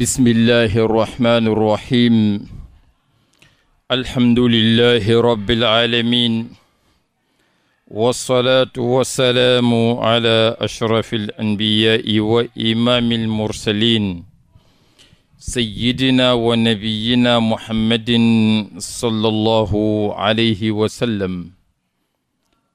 بسم الله الرحمن الرحيم الحمد لله رب العالمين والصلاة والسلام على أشرف الأنبياء وإمام المرسلين سيدنا ونبينا محمد صلى الله عليه وسلم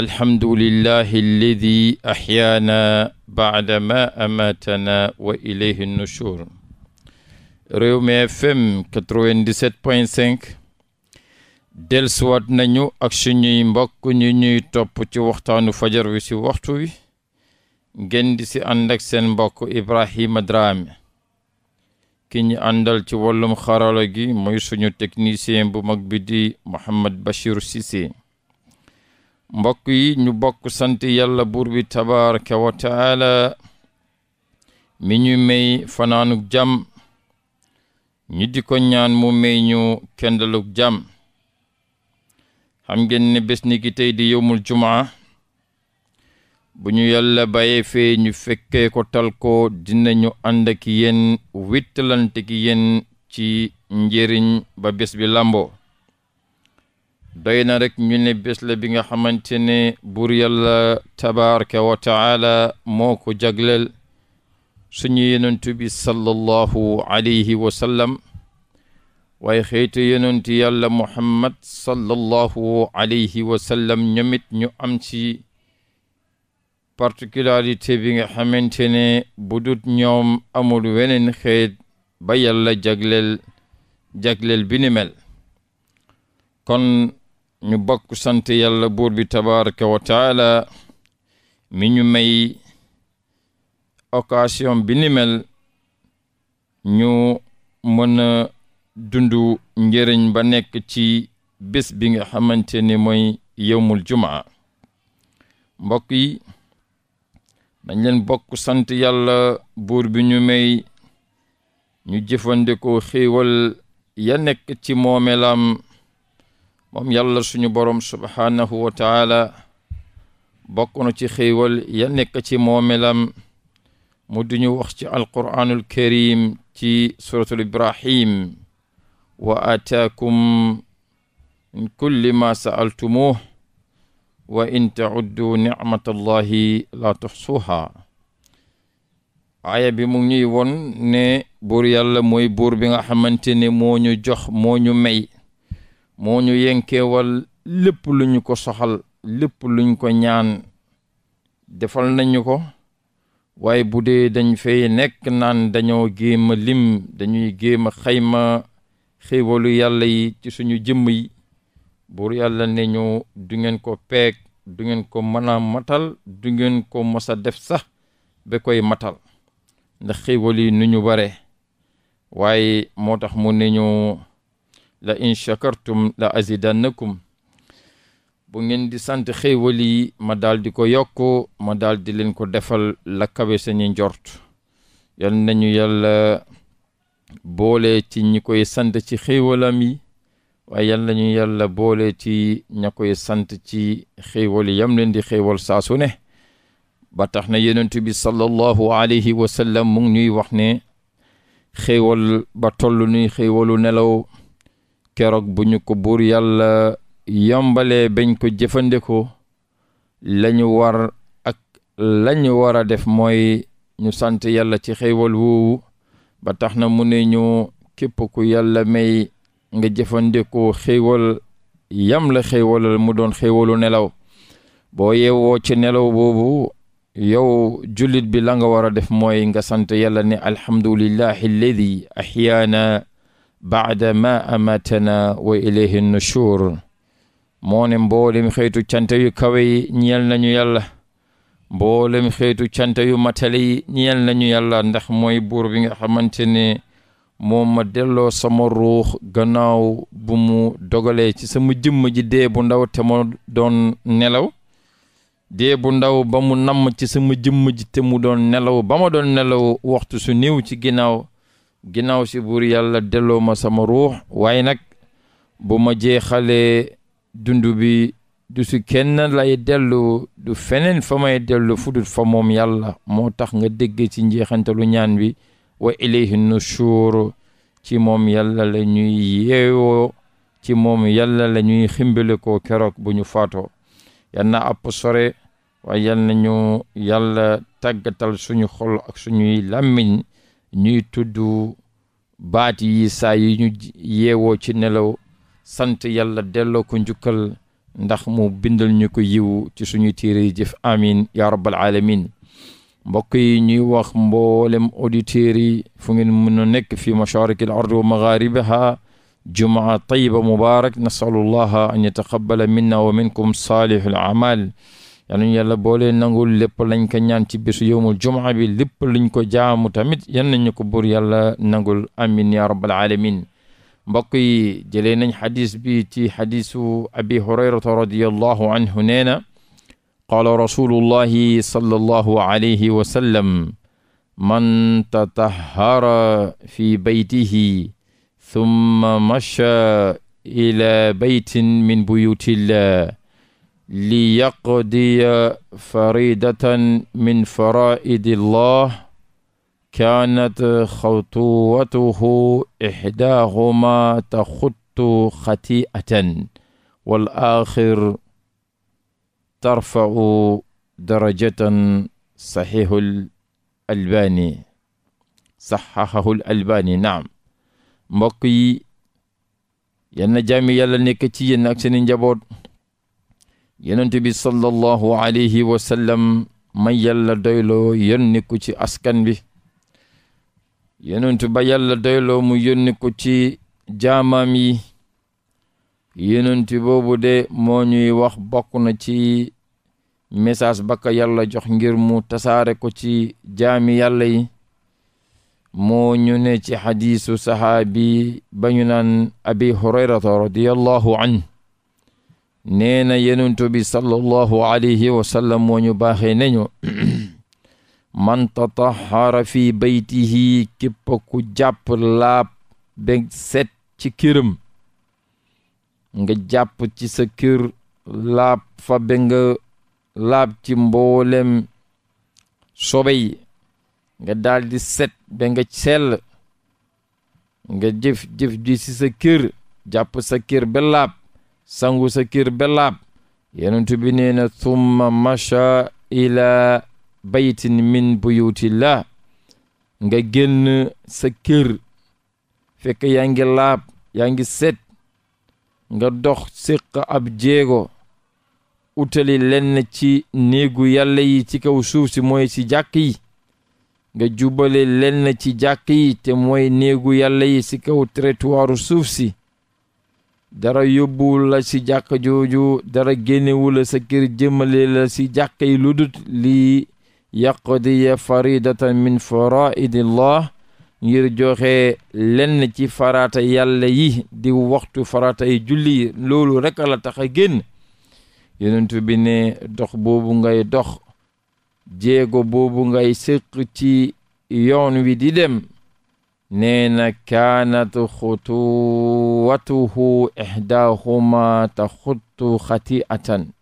alhamdulillahi alladi ahyaana baada ma amatana wa ilayhi nushur Rewmi FM 97.5 delsuwaat nañu ak suñuy mbokk ñu ñuy topp ci waxtaanu fajar wi ci waxtu wi ngeen ci ànd ak seen mbokk Ibrahima Drame ki ñu àndal ci wàllum xarala gi mooy suñu technicien bu mag bi di Mouhamed Bachir mbokk yi ñu bokk sant yàlla buur bi tabaraka wa mi ñu may fanaanug jàmm ñu di ko ñaan mu may ñu kendalug jàmm xam ngeen ne bés tey di yomul jumaa bu ñu yàlla bàyyee fee ñu fekkee ko tal ko dinañu ànd ak yéen wittalante ki ci njëriñ ba bés bi làmboo doy na rek ñu ne bés bi nga xamante ne buur yàlla tabaraka wa taala moo ko jagleel suñu yenentu bi sallallahu alayhi wa sallam waaye xëytu yenentu yàlla muhammad sallallahu alayhi wa sallam ñomit ñu am ci particularité bi nga xamante ne bu ñoom amul wenen xeet ba yàlla jagleel binimel ñu bokk sant yàlla buur bi tabaraka wa mi ñu may occasion bi ñu mën a dundu njëriñ ba nekk ci bés bi nga xamante ni mooy yomul juma mbokk yi leen bokk sant yàlla buur bi ñu may ñu jëfandikoo xéewal ya nekk ci moomelam moom yàlla suñu borom subhaanahu wa taala bokk na ci xéewal ya nekk ci moomelam mu duñu wax ci alquraanul karim ci suratul ibrahim wa min kulli ma sa'altumuh wa in bi mu ngi ñuy won ne buur yàlla mooy buur bi nga xamante ne moo ñu jox moo ñu may moo ñu yenkeewal lépp lu ñu ko soxal lépp luñ ko ñaan defal nañu ko waaye bu dee dañ fay nekk naan dañoo géem a lim dañuy géem a xayma xéewalu yàlla yi ci suñu jëmm yi buur yàlla ne ñu du ngeen ko peeg du ngeen ko mën a matal du ngeen ko mos a def sax ba koy matal ndax xéewal yi nu ñu bare waaye moo tax mu ne ñu la in shakartum la azidannakum bu ngeen di sant xéewal yi ma daldi ko yokk ma daal leen ko defal la kawe seeni njort yal nañu yàlla boole ci ñi koy sant ci xéewalam yi waaye nañu yàlla boole ci ña sant ci xéewal yam leen di xéewal saa su ba tax na yonent bi sallallahu alayhi wa sallam mu ngi ñuy wax ne xéewal ba toll nuy xéewalu nelaw keroog bu ñu ko buur yàlla yombalee bañ ko jëfandikoo lañu war ak lañu war a def mooy ñu sant yàlla ci xéewal woowu ba tax na mu ne ñu képp ku yàlla may nga jëfandikoo xéewal yam la xéewalal mu doon xéewalu nelaw boo yeewoo ci nelaw woowu yow jullit bi la nga war def mooy nga sant yàlla ne alhamdulillahi alladi ahyaana baada ma amatana wa ilayhi nushur moo ne mboolem xeetu cant yu kawe yi ñeel nañu yàlla mboolem xeetu cant yu matale yi ñeel nañu yàlla ndax mooy buur bi nga xamante ne moom ma delloo sama ruux gannaaw bu mu dogalee ci sama jëmm ji dee bu ndaw te ma doon nelaw dee bu ndaw ba mu namm ci sama jëmm ji te mu doon nelaw ba ma doon nelaw waxtu su néew ci ginnaaw ginnaaw si buur yàlla delloo ma sama ruux waaye nag bu ma jeexalee dund bi du si kenn lay dellu du feneen fa may dellu fudut fa moom yàlla moo tax nga dégg ci njeexantalu ñaan bi wa ilayhi nushur ci moom yàlla la ñuy yeewoo ci moom yàlla la ñuy ximbale ko keroog bu ñu faatoo yal na sore waaye yal nañu yàlla tàggatal suñu xol ak suñuy làmmiñ ñuy tudd baat yi saa ñu yeewoo ci nelaw sant yàlla delloo ko njukkal ndax mu bindal ñu ko yiw ci suñu téere yi jëf amin ya rabbal alamin mbokk yi ñuy wax mboolem auditeurs yi fu ngeen mën a nekk fi mashariki al ard wa magharibiha jumaa tayiba mubarak nasalullaha an yataqabala minna wa minkum salihul amal yal nañu yàlla boole nangul lépp lañ ko ñaan ci bésu yowmul jumaa bi lépp luñ ko jaamu tamit yal nañu ko buur yàlla nangul amin ya rabbal alamin mbokk yi jëlee nañ xadis bi ci xadisu abi hurayrata radiallahu anhu nee na qaala rasulullahi sallallahu alayhi wa sallam man tatahara fi baytihi thumma masha ila baytin min buyutillah li yaqdiya faridatan min faraidi llah kaanat xatuwatuhu ixdaahuma taxuttu xati'atan wal axir tarfa'u darajatan saxiixul albaani saxaxahul albaani naam mbokk yi yenn jaami yàlla nekk ci yéen ak seeni njaboot yonent bi sallallahu alayhi wa sallam ma yàlla doyloo yónni ci askan bi yonent ba yàlla doyloo mu yónni ko ci jaamaam yi yonent boobu de moo ñuy wax bokk na ci message ba ko yàlla jox ngir mu tasaare ko ci jaami yàlla yi moo ñu ne ci xadiisu sahaabi ba ñu naan abi hurayrata radiyallahu anhu nee na yenentu bi sallallahu alayhi wa sallam moo ñu baaxee nañu man fi baytihi képp ku jàpp laab ba set ci këram nga jàpp ci sa kër laab fa ba nga laab ci mboolem sobe nga daldi set ba nga sell nga jëf jëf ci sa kër jàpp sa kër ba laab sangu sa kir ba laab yonent bi nee na thumma macha ila baytin min buyutillah nga génn sa kër fekk yaa ngi laab yaa ngi set nga dox séq ab jéego utali lenn ci néegu yàlla yi ci kaw suuf si mooy ci jàkk yi nga jubale lenn ci jàkk yi te mooy néegu yàlla yi ci kaw trottoiru suuf si dara yóbbuwul la ci jàkk jooju dara génnewula la sa kër jëmale la ci jàkk yi lu dut lii yaqdiya faridatan min faraidillah ngir joxe lenn ci farata yàlla yi di waxtu farata yi julli loolu rekk la tax a génn yonent bi ne dox boobu ngay dox jéego boobu ngay sëq ci yoon wi di dem nee na kaanat xutuwatuhu ixdaahuma taxuttu xati'atan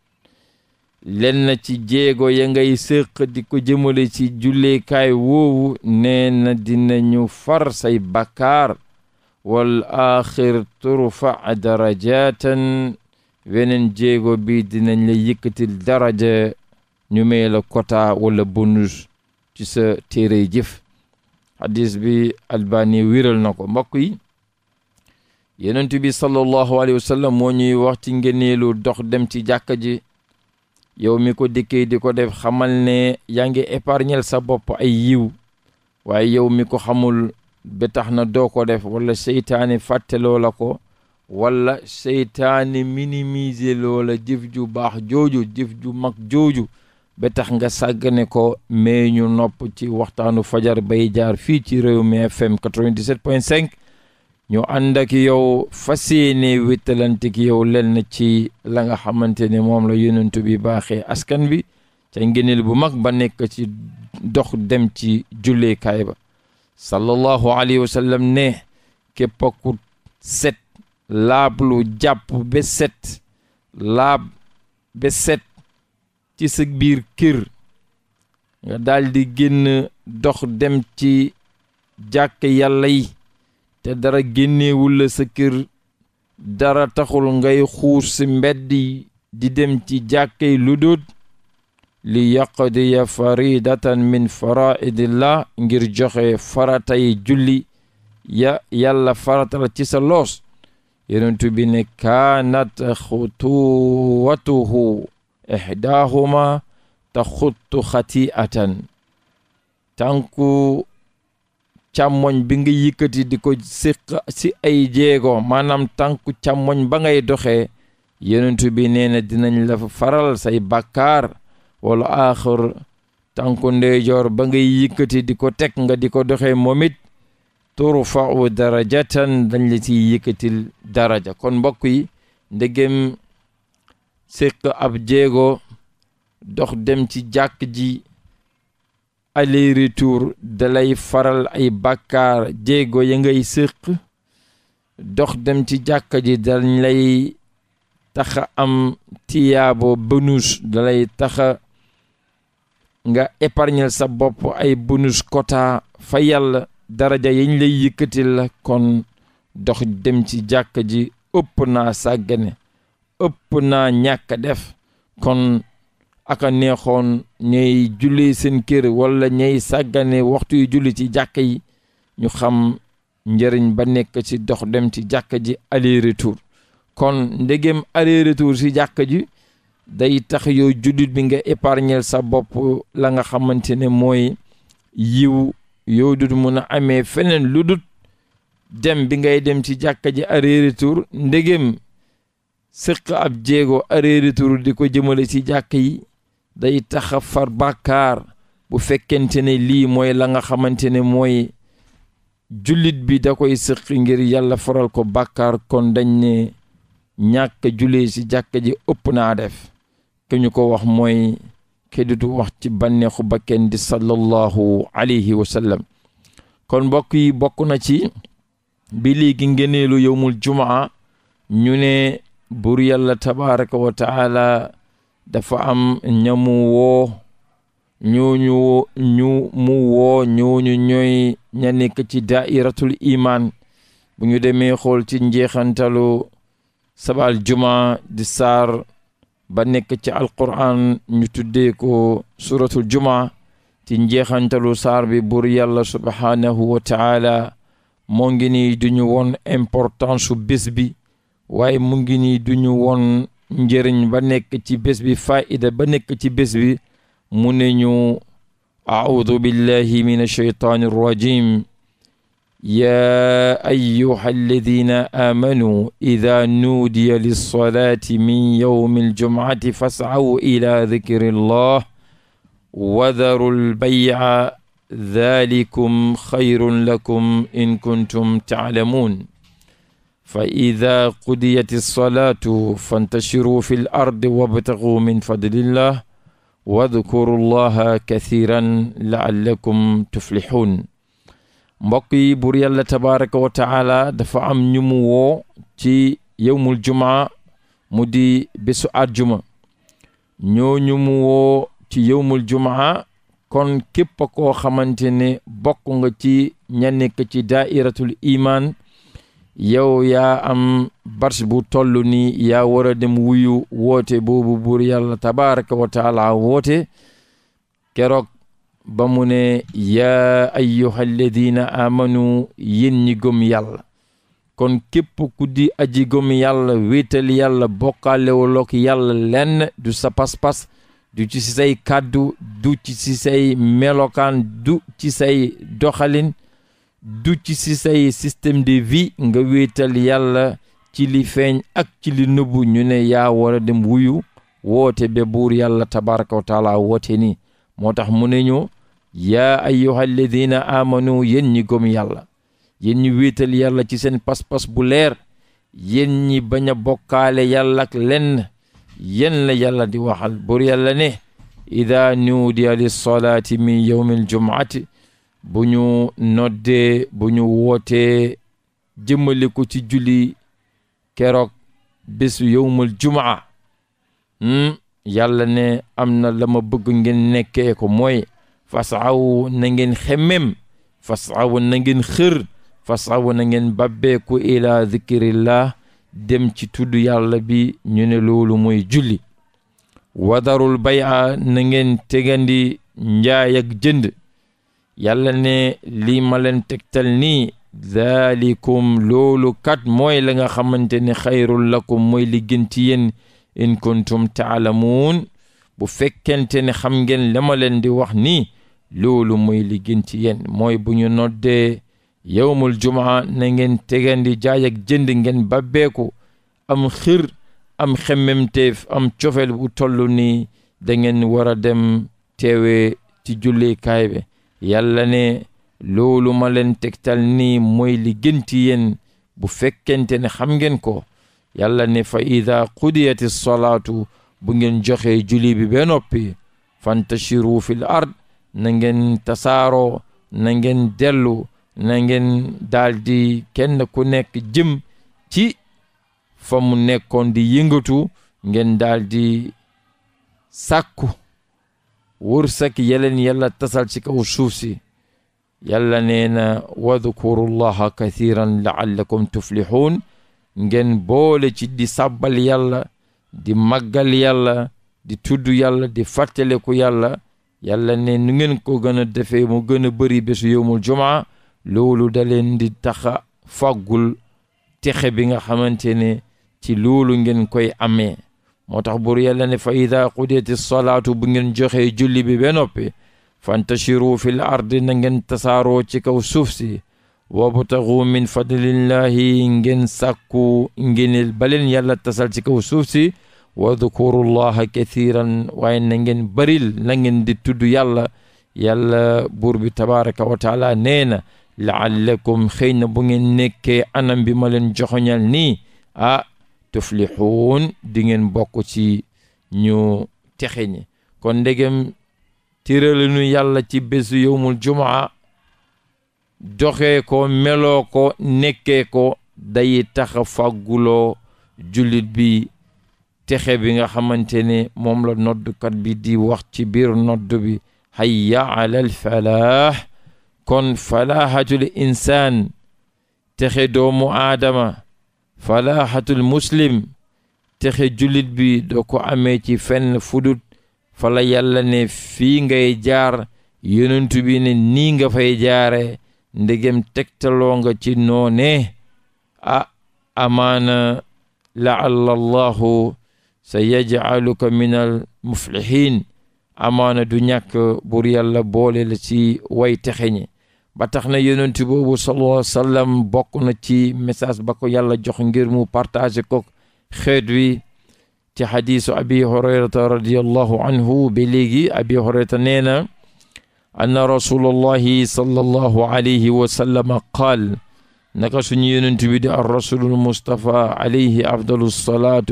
lenn ci jéego ya ngay sëq di ko jëmale ci julleekaay woowu nee na dinañu far say bakkaar wal axir turfa darajatan weneen jéego bi dinañ la yëkkatil daraja ñu may kota wala bonus ci sa téere jëf hadis bi albani wiral na ko mbokk yi yonent bi sallallahu alayhi wa sallam moo ñuy wax ci ngëneelu dox dem ci jàkka ji yow mi ko dikkee di ko def xamal ne yaa ngi épargnel sa bopp ay yiw waaye yow mi ko xamul ba tax na doo ko def walla seytaane fàtteloo la ko wala seytaane minimiser loola jëf ju baax jooju jif ju mag jooju ba tax nga sàggane ko mais ñu nopp ci waxtaanu fajar bay jaar fii ci réew mi FM 97.5 ñu ànd yow fas yéene wéttalante ki yow lenn ci la nga xamante ne moom la yonent bi baaxee askan bi ca ngéneel bu mag ba nekk ci dox dem ci julleekaay ba sallallahu alayhi wa ne képp ku set laab lu jàpp ba set laab ba set ci sa biir kër nga daldi génn dox dem ci jàkk yàlla yi te dara génnewul la sa kër dara taxul ngay xuus mbedd yi di dem ci jàkk yi lu dul li yaqdiya faridatan min faraidillah ngir joxe faratay julli ya yàlla faratal ci sa loos yonentu bi ne kaanat xutuwatuhu ihdahuma taxuttu xati'atan tànku càmmoñ bi nga yëkkati di ko siq si ay jéego maanaam tànku càmmoñ ba ngay doxe yenentu bi nee na dinañ la faral say bakkaar wala aaxir tànku ndeyjoor ba ngay yëkkati di ko teg nga di ko doxee moom it turfa'u darajatan dañ la ciy yëkkatil daraja kon mbokk yi ndegem séq ab jéego dox dem ci jàkk ji aller retour dalay faral ay bàkkaar jéego ya ngay séq dox dem ci jàkk ji dañ lay taxa am tiyaabo bonus dalay taxa nga épargnel sa bopp ay bonus quota fa yàlla daraja yañ lay yëkkatil la kon dox dem ci jàkk ji ëpp naa sàggane ëpp naa ñàkk def kon aka neexoon ñay julli seen kër walla ñay sàggane waxtu yu julli ci jàkk yi ñu xam njëriñ ba nekk ci dox dem ci jàkk ji aller kon ndegem aller ci jàkk ji day tax yow jullit bi nga épargnel sa bopp la nga xamante ne mooy yiw yow dut mun a amee feneen lu dut dem bi ngay dem ci jàkk ji aller ndegem sëq ab jéego aréerituru di ko jëmale ci jàkk yi day taxa far bàkkaar bu fekkente ne lii mooy la nga xamante ne mooy jullit bi da koy sëq ngir yàlla faral ko bàkkaar kon dañ ne ñàkk julee ci jàkk ji ëpp naa def ki ñu ko wax mooy keditu wax ci banneexu ba kenn di sallallahu alayhi wa sallam kon mbokk yi bokk na ci bi léegi ngeneelu yowmul jumaa ñu ne buur yàlla tabaraka dafa am ñamu woo ñooñu woo ñu mu woo ñooñu ñooy ña nekk ci daairatul imaan bu ñu demee xool ci njeexantalu sabal juma di saar ba nekk ci alquran ñu tuddee ko suratul juma ci njeexantalu saar bi buur yàlla subhaanahu wa moo ngi nii duñu woon importance su bi waaye mu ngi nii du ñu woon njëriñ ba nekk ci bés bi faa'ida ba nekk ci bés bi mu ne ñu a'uudu billahi min ashaytaani rajim yaa ayyuha alladina aamanuu ida nuudiya lilsolati min yowmi aljumcati fascaw ila dikri llah wadaru lbayca dalikum xayrun lakum in kuntum taclamuun fa ida qudiyat alsalaatu fantachiruu fi l ardi wabtaxuu min fadlillah wadkuru llaha kathiran laallakum tuflixuun mbokk yi buur yàlla tabaraka wa taala dafa am ñu mu woo ci yowmul jumaa mu di bésu àjjuma ñoo ñu woo ci yowmul jumaa kon képp koo xamante ne bokk nga ci ña nekk ci daairatul imaan yow yaa am bars bu toll nii yaa war a dem wuyu woote boobu buur yàlla tabaraka wa taala woote keroog ba mu ne yaa ayyuha alladina amanu yéen ñi gëm yàlla kon képp ku di aji gëm yàlla wéetal yàlla bokkaalewoloog yàlla lenn du sa pas-pas du ci say kàddu du ci say melokaan du ci say doxalin du ci si say sistem de vie nga wiital yàlla ci li feeñ ak ci li ñu ne yaa war a wuyu woote be buur yàlla tabaraka wa woote nii moo tax mu ne ñu yaa ayyuha alladina amanu yéen ñi gëm yàlla yéen ñi yàlla ci seen pas-pas bu leer yéen ñi bañ a bokkaale yàlla ak lenn yéen la yàlla di waxal buur yàlla ne ida nuudiya lis salaati min yawmil bu ñu noddee bu ñu wootee jëmmale ko ci julli keroog bésu yowmal jumaa hmm? yàlla ne am na lama bëgg ngeen nekkee ko mooy fasaw na ngeen xemmem fasaw na ngeen xër fasaw na ngeen babbeeku ila zikrillah dem ci tudd yàlla bi ñu ne loolu moy julli wadarul bay'a na ngeen tegandi njaay ak jënd yàlla ne lii ma leen tegtal nii daalikum loolu kat mooy la nga xamante ne xayrul lakum mooy li gën ci yéen in kuntum bu fekkente ne xam ngeen la leen di wax ni loolu mooy li mooy bu ñu noddee yowmul jumaa na ngeen tegandi jaay ak jënd ngeen babbeeku am xir am xemmemteef am cofeel bu toll nii dangeen ngeen war a dem teewee ci jullikaay bi yàlla ne loolu ma leen tegtal nii mooy li gën ci bu fekkente ne xam ngeen ko yàlla ne fa ida qudiyati solaatu bu ngeen joxe juli bi ba noppi fantashiru fil ard na ngeen tasaaroo na ngeen dellu na ngeen daldi kenn ku nekk jëm ci fa mu nekkoon di yëngatu ngeen daldi sàkku wursak yeleen yàlla tasal ci kaw suuf si yàlla nee na wadkurullaha kathiran laallakum tuflihun ngeen boole ci di sàbbal yàlla di màggal yàlla di tudd yàlla di fàttaleku yàlla yàlla ne nu ngeen ko gën a defee mu gën a bëri bésu yowmul jumaa loolu da leen di taxa fàggul texe bi nga xamante ne ci loolu ngeen koy amee moo tax buur yàlla ne fa ida qudiyati salaatu bu ngeen joxee julli bi ba noppi fantashiru fil ardi na ngeen tasaaroo ci kaw suuf si wabtaxu min fadlillahi ngeen sàkku ngenil baleen yàlla tasal ci kaw suuf si wadkurullaha kathiran waaye na ngeen baril na di tudd yàlla yàlla buur bi tabaraka wa taala nee na laallakum xëy na bu ngeen nekkee anam bi ma leen joxoñal nii ah tuflixuun di ngeen bokk ci ñu texe ñi kon ndegem tëralinu yàlla ci bésu yowmul jumaa joxe ko meloo ko nekkee ko day taxa fàgguloo julit bi texe bi nga xamante ne moom la noddkat bi di wax ci biir noddu bi hayya alal falaax kon falaaxatul insaan texe doomu aadama falaaxatul muslim texe jullit bi doo ko amee ci fenn fudut fala yàlla ne fii ngay jaar yonentu bi ne nii nga fay jaare ndegem tegtaloo nga ci noone a ah, amaana laalla allahu sa yajcaluka min al muflihin amaana du ñàkk buur yàlla boole la ci way texe ñi ba tax na yonent boobu sallallahu wa sallam bokk na ci message ba ko yàlla jox ngir mu partager ko xeet wi ci xadiisu abi hurayrata radiallahu anhu ba abi hurayrata nee na anna rasulullahi sallallahu alayhi qaal naka suñu yonent bi di ar rasulul mustapha alayhi afdalu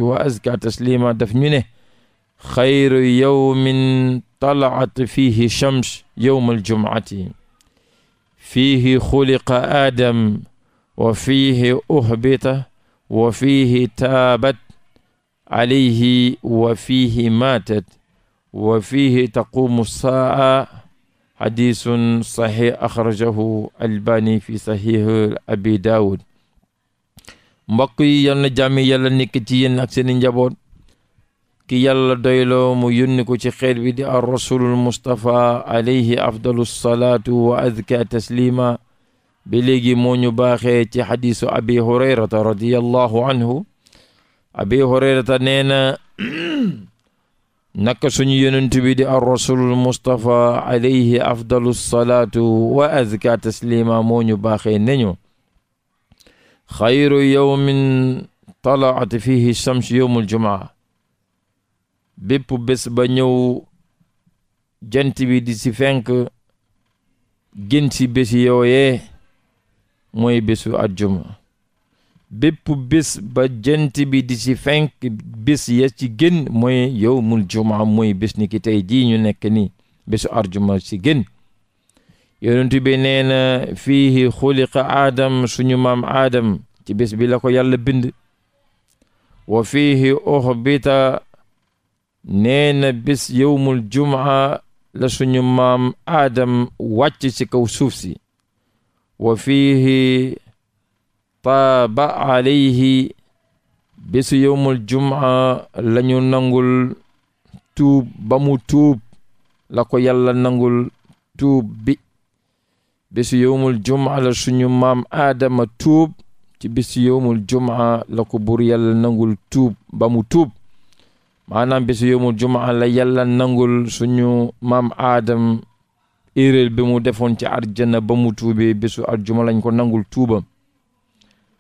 wa azka taslima daf ñu ne xayru yowmin talaat fihi shams yowm al fiihi xuliqa aadam wa fiihi uhbita wa fiihi taabat alayhi wa fiihi maatat wa fiihi taqumu saa'a xadisun saxix axrajahu albani fi saxix abi daawud mbokk yi yal na jàmmi yàlla nekk ci yéen ak seeni njaboot ki yàlla doyloo mu yónni ko ci xeet bi di ar rasulul mustapha alayhi afdalu salaatu wa adka taslima ba léegi moo ñu baaxee ci xadisu abi hurayrata radiallahu anhu abi hurayrata nee na naka suñu yonent bi di ar rasulul mustapha alayhi afdalu salaatu wa adka taslima moo ñu baaxee nañu xayru yowmin talaat fihi shams yowmul jumaa bépp bés ba ñëw jant bi di si fenk gën si bés yooyee mooy bésu àjjuma bépp bés ba jant bi di si fenk bés ya ci gën mooy yowmul jumaa mooy bés ni ki tey jii nekk nii bésu àjjuma ci gën yonent bi nee na fiihi xuliqa aadam suñu maam aadam ci bés bi la ko yàlla bind wa fiihi uxbita nee na bés yowmul juma la suñu maam aadam wàcc ci kaw suuf si wa fiihi taaba alayhi bésu yowmul jumaa la ñu nangul tuub ba tuub la ko yàlla nangul tuub bi bésu yowmul jumaa la suñu maam aadama tuub ci bésu yowmul jumaa la ko buur yàlla nangul tuub ba tuub maanaam bisu yowmul jumaa la yàlla nangul suñu maam aadam éréel bi mu defoon ci arjana ba mu tuubee bisu arjuma lañ ko nangul tuubam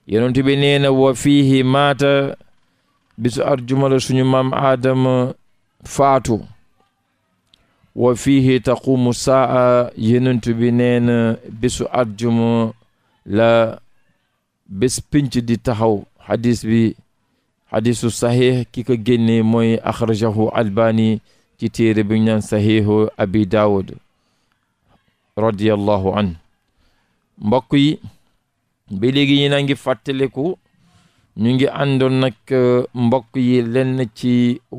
yonent bi nee na wa fiihi maata bisu arjuma suñu maam aadam faatu wa fiihi taqumu saa yonent bi nee na bisu arjuma la bés pinc di taxaw xadis bi hadisu saxiix ki ko génnee mooy axrajahu albani ci téere bi ñu naan abi daawud radiallahu an mbokk yi ba léegi yéen a ngi fàttaliku ñu ngi àndoon nag mbokk yi lenn ci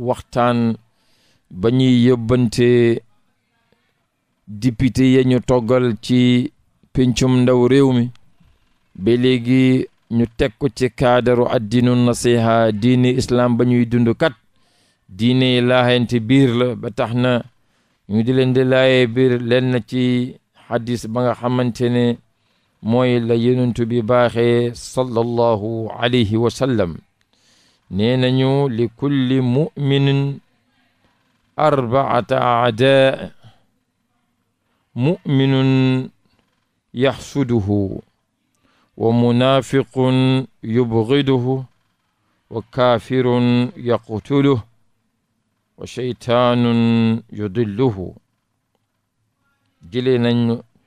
waxtaan ba ñuy yóbbante député ya ñu toggal ci pencum ndaw réew mi ba ñu teg ko ci kaadaru addinu nasiha diine islam ba ñuy dund kat diine laayante biir la ba tax na ñu di leen di laayee biir leen ci xadis ba nga xamante ne mooy la yonent bi baaxe sallallahu alayhi wa sallam nee nañu li kulli muminin arbaata aadaa muminun yaxsuduhu wa munafiqun yubgiduhu wa kaafirun yaqtuluhu wa sheytaanun yudilluhu jëlee nañ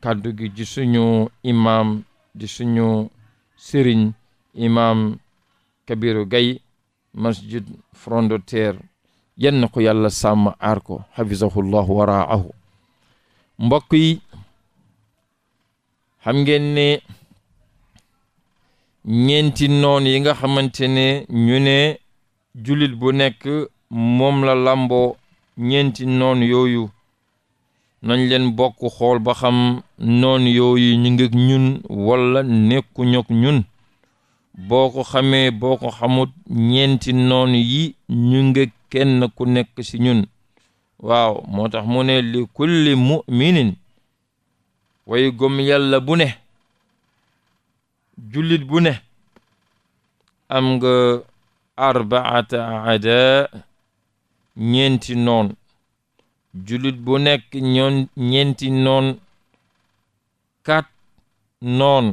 kàddu gi di suñu imaam di suñu sëriñ imaam kabiru gay masjid front de ko yàlla sàmm aar ko xafisahullahu waraahu mbokk yi xam ngeen ñeenti noon yi nga xamante ne ñu ne jullit bu nekk moom la làmboo ñeenti noon yooyu nañ leen bokk xool ba xam noon yooyu ñu ngi ñun walla nekku ñok ñun boo ko xamee boo ko xamut ñeenti noon yi ñu ngi kenn ku nekk ci ñun waaw moo tax mu ne li kulli muminin way gëm yàlla bu ne julit bu ne am nga arbaata aada ñeenti noon julit bu nekk ñeenti noon kat noon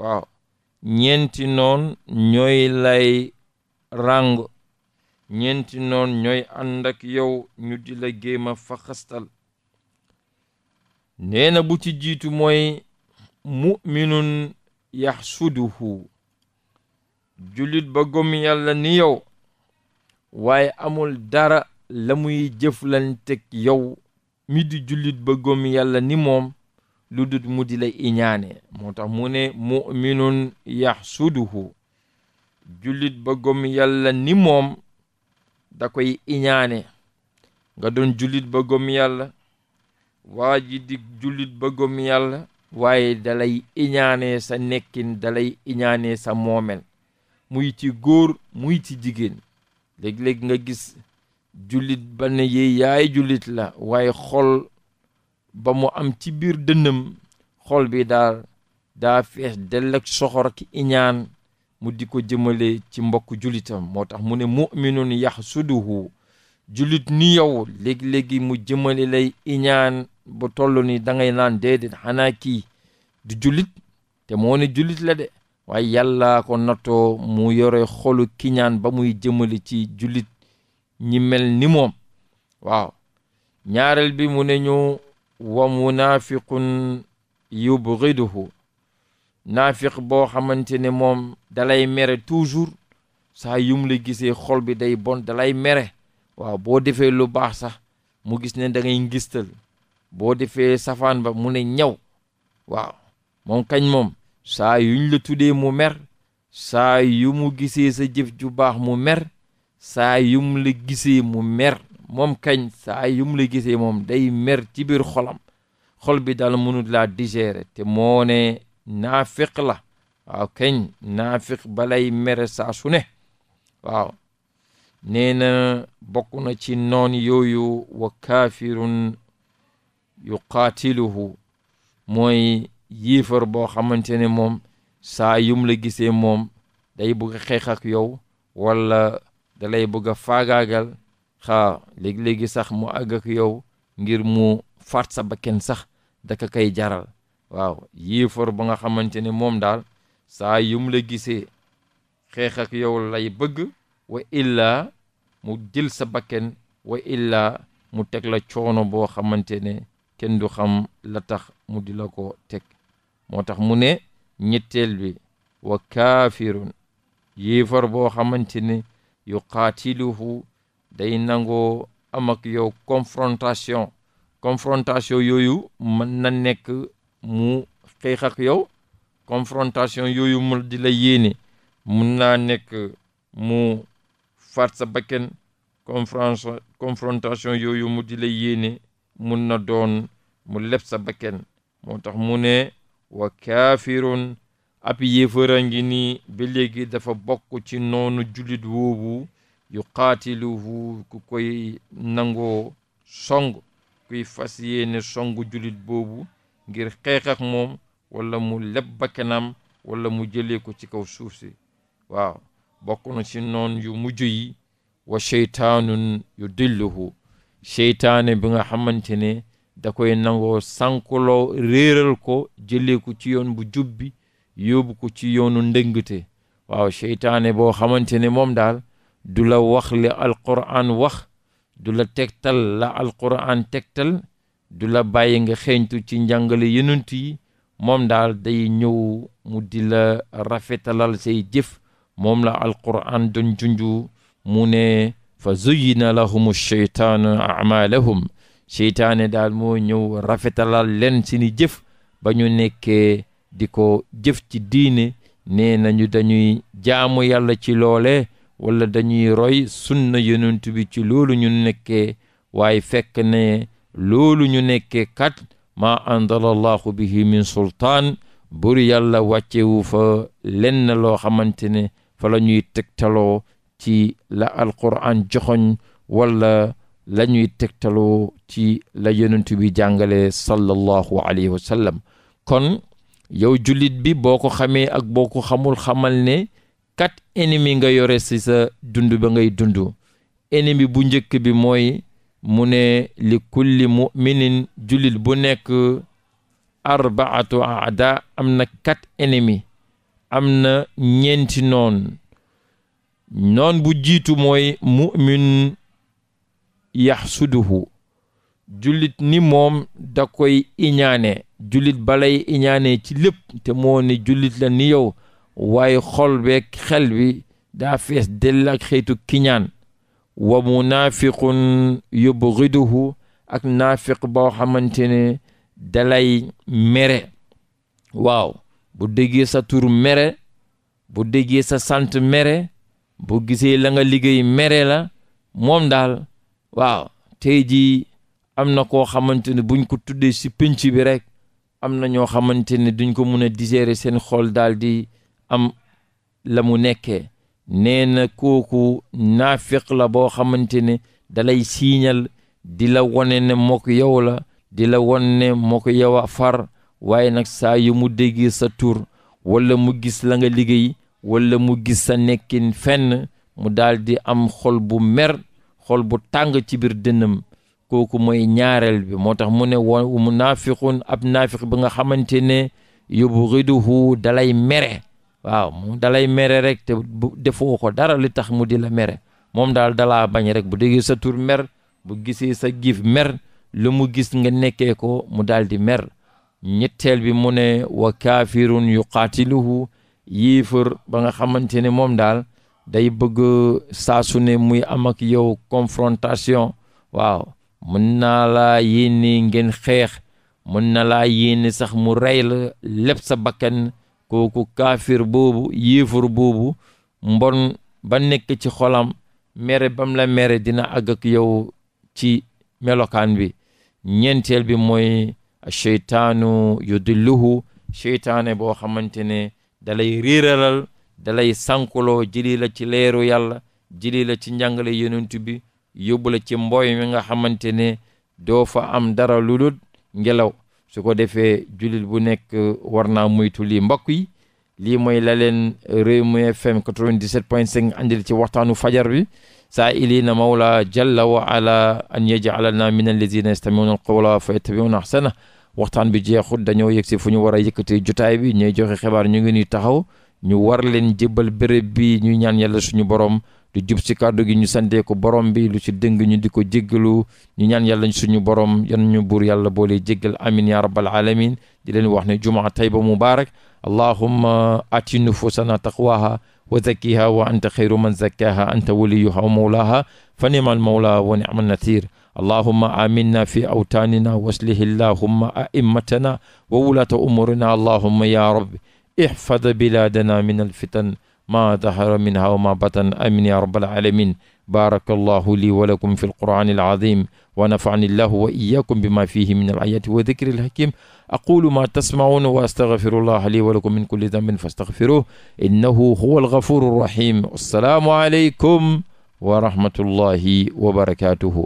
waaw ñeenti noon ñooy lay ràng ñeenti noon ñooy ànd yow ñu di la géema faxastal nee bu ci jiitu mooy muminun yaxsuduhu jullit ba gëm yàlla ni yow waaye amul dara la muy jëflanteeg yow mi di jullit ba gëm yàlla ni moom lu dut mu di la iñaane moo tax mu ne muminun yaxsuduhu jullit ba gëm yàlla ni moom da koy iñaane nga doon jullit ba gëm yàlla waa ji di jullit ba gëm yàlla waaye dalay iñaane sa nekkin dalay iñaanee sa moomel muy ci góor muy ci jigéen léeg-léeg nga gis jullit ba ne yee jullit la waaye xol ba mu am ci biir dënnam xool bi daal daa fees dell ak soxor ki iñaan mu di ko jëmale ci mbokk jullitam moo tax mu ne muminun yax suduhu jullit ni yow léegi-léegi mu jëmale lay iñaan bu toll ni dangay naan déedéet xanaa kii du julit te moo ne jullit la de waaye yàlla ko nattoo mu yore xolu kiñaan ba muy jëmale ci julit ñi mel ni moom waaw ñaarel bi mu ne ñu wa munaafiqun yubghiduhu naafiq boo xamante ne moom dalay mere toujours saa yum la gisee xol bi day bon dalay mere waaw boo defee lu baax sax mu gis ne dangay ngay boo defee safaan ba mu ne ñaw waaw moom kañ moom saa yuñ la tuddee mu mer saa yu mu gisee sa jëf ju baax mu mer saa yum la gisee mu mer moom kañ saa yum la gisee moom day mer ci biir xolam xol bi daal mënut laa digérer te moo ne naafiq la waaw kañ naafiq balay mere saa su ne waaw nee na bokk ci noon yooyu wa kaafirun yuqaatiluhu mooy yiifar boo xamante ne moom saa yum la gisee moom day bëgg xeex ak yow walla dalay lay bëgg a faagaagal xaa léegi-léegi sax mu àgg ak yow ngir mu faat sa bakken sax daka kay jaral waaw yiifar ba nga xamante ne moom daal saa yum la gisee xeex ak yow lay bëgg wa illaa mu jël sa bakken wa illaa mu teg la coono boo xamante ne kenn du xam la tax mu di la ko tek moo tax mu ne ñetteel bi wa kaafirun yéefar boo xamante ne yu qaatiluhu day nangoo am ak yow confrontation confrontation yooyu mën na nekk mu xeex yow confrontation yooyu mu di la yéene mun naa nekk mu faat sa bakken confrontation yooyu mu di la yéene mun na doon mu leb sa bakken moo tax mu ne wa kaafirun ab yéefara ngi nii ba léegi dafa bokk ci noonu jullit woowu yu qaatiluhu ku koy nangoo song kuy fas yéene song jullit boobu ngir xeex ak moom wala mu leb bakkenam wala mu jëlee ko ci kaw suuf si waaw bokk ci noon yu mujj yi wa cheytaanun yu dilluhu seytaane bi nga xamante ne da koy nangoo sankuloo réeral ko jëlee ko ci yoon bu jubbi yóbbu ko ci yoonu ndëngte waaw seytaane boo xamante ne moom daal du la wax li alquran wax du la tegtal la alquran tegtal du la bàyyi nga xeeñtu ci njàngale yenant yi moom daal day ñëw mu di la rafetalal say jëf moom la alquran doon junju mu ne fa zuyyina lahum cheytaanu amalahum cheytaane daal moo ñëw rafetalal len sini jëf ba ñu nekkee di ko jëf ci diine nee nañu dañuy jaamu yàlla ci loole wala dañuy roy sunna yonent bi ci loolu ñu nekkee waaye fekk ne loolu ñu nekkee kat maa anzala allahu bihi min sultaan buri yàlla wàccewu fa lenn loo xamante ne fa la ñuy tegtaloo ci la alquran joxoñ wala lañuy tegtaloo ci la yonent bi jàngale sallallahu alayhi wa sallam kon yow jullit bi boo ko xamee ak boo ko xamul xamal ne kat ennemi nga yore si sa dund ba ngay dund ennemi bu njëkk bi mooy mu ne li kulli muminin jullit bu nekk arbaatu aada am na kat ennemi am na ñeenti noon noon bu jiitu mooy mu'min yaxsuduhu jullit ni moom da koy iñaane jullit balay iñaane ci lépp te moo ne jullit la niyow waaye xol beeg xel bi daa fees dell ak xeetu kiñaan wa munaafiqun yubghiduhu ak naafiq boo xamante ne dalay mere waaw bu déggee sa tur mere bu déggee sa sant mere bu gisee la nga liggéey mere la moom daal waaw tey jii am na koo xamante ne buñ ko tuddee si pénc bi rek am na ñoo xamante ne duñ ko mën a digérer seen xool daal di am la mu nekkee nee na kooku naafiq la boo xamante ne dalay siiñal di la wone ne mook yow la di la won ne mook yow a far waaye nag saa yu mu déggee sa tur wala mu gis la nga liggéey walla mu gis sa nekkin fenn mu daldi am xol bu mer xol bu tàng ci biir dënnam kooku mooy ñaareel bi moo tax mu ne wo munaafiqun ab naafix bi nga xamante ne yubghiduhu dalay mere waaw mu dalay mere rek te defoo ko dara li tax mu di la mere moom daal dalaa bañ rek bu déggee sa tur mer bu gisee sa gif mer lu mu gis nga nekkee ko mu daal di mer ñetteel bi mu ne wa kaafirun yuqaatiluhu yéefar ba nga xamante ne moom daal day bëgg saa su ne muy am ak yow confrontation waaw mën naa laa yéene ngeen xeex mën na laa yéene sax mu rey la lépp sa bakkan kooku kaafir boobu yéefar boobu mbon ba nekk ci xolam mere bam la mere dina àgg ak yow ci melokaan bi ñeenteel bi mooy seytaanu yudilluhu seytaane boo xamante ne dalay réeralal dalay sankuloo jëli la ci leeru yàlla jëli la ci njàngale yonent bi yóbbu la ci mbooy mi nga xamante ne doo am dara lu ngelaw su ko defee jullit bu nekk uh, war naa muytu lii mbokk yi lii mooy la leen Rewmi FM 97.5 andil ci waxtaanu fajar bi saa ilina mawla jalla wa ala an yajalana min allazina yastamiuna alqawla fa yattabiuna ahsana waxtaan bi jeexut dañoo yegg si fu ñu war a yëkkatee jotaay bi ñuy joxe xibaar ñu ngi nii taxaw ñu war leen jëbbal béréb bi ñu ñaan yàlla suñu borom lu jub si kàddu gi ñu santee ko borom bi lu si dëng ñu di ko jéggalu ñu ñaan yàlla suñu borom yan ñu buur yàlla boole jéggal amin ya rabbal alamin di leen wax ne jumaa tayba mubarak allahumma ati nufusana taqwaha wa zakkiha wa anta xayru man zakkaha anta waliyuha wa mawlaha fa ni'mal mawla wa ni'man nasir allahuma aminna fi awtaanina waslih allahuma aimmatana wa wulaata umurina allahuma ya rabbi ihfad biladana min alfitan ma dahara minha wa ma batan amin ya rabbal alamin baraka allahu li wa lakum fi alqur'ani alazim wa nafani llahu wa iyyakum bima fihi min alayati wa dhikri alhakim aqulu ma tasma'un wa astaghfiru llah li wa lakum min kulli dhanbin fastaghfiruhu innahu huwa alghafuru rahim assalamu alaykum wa rahmatullahi wa barakatuhu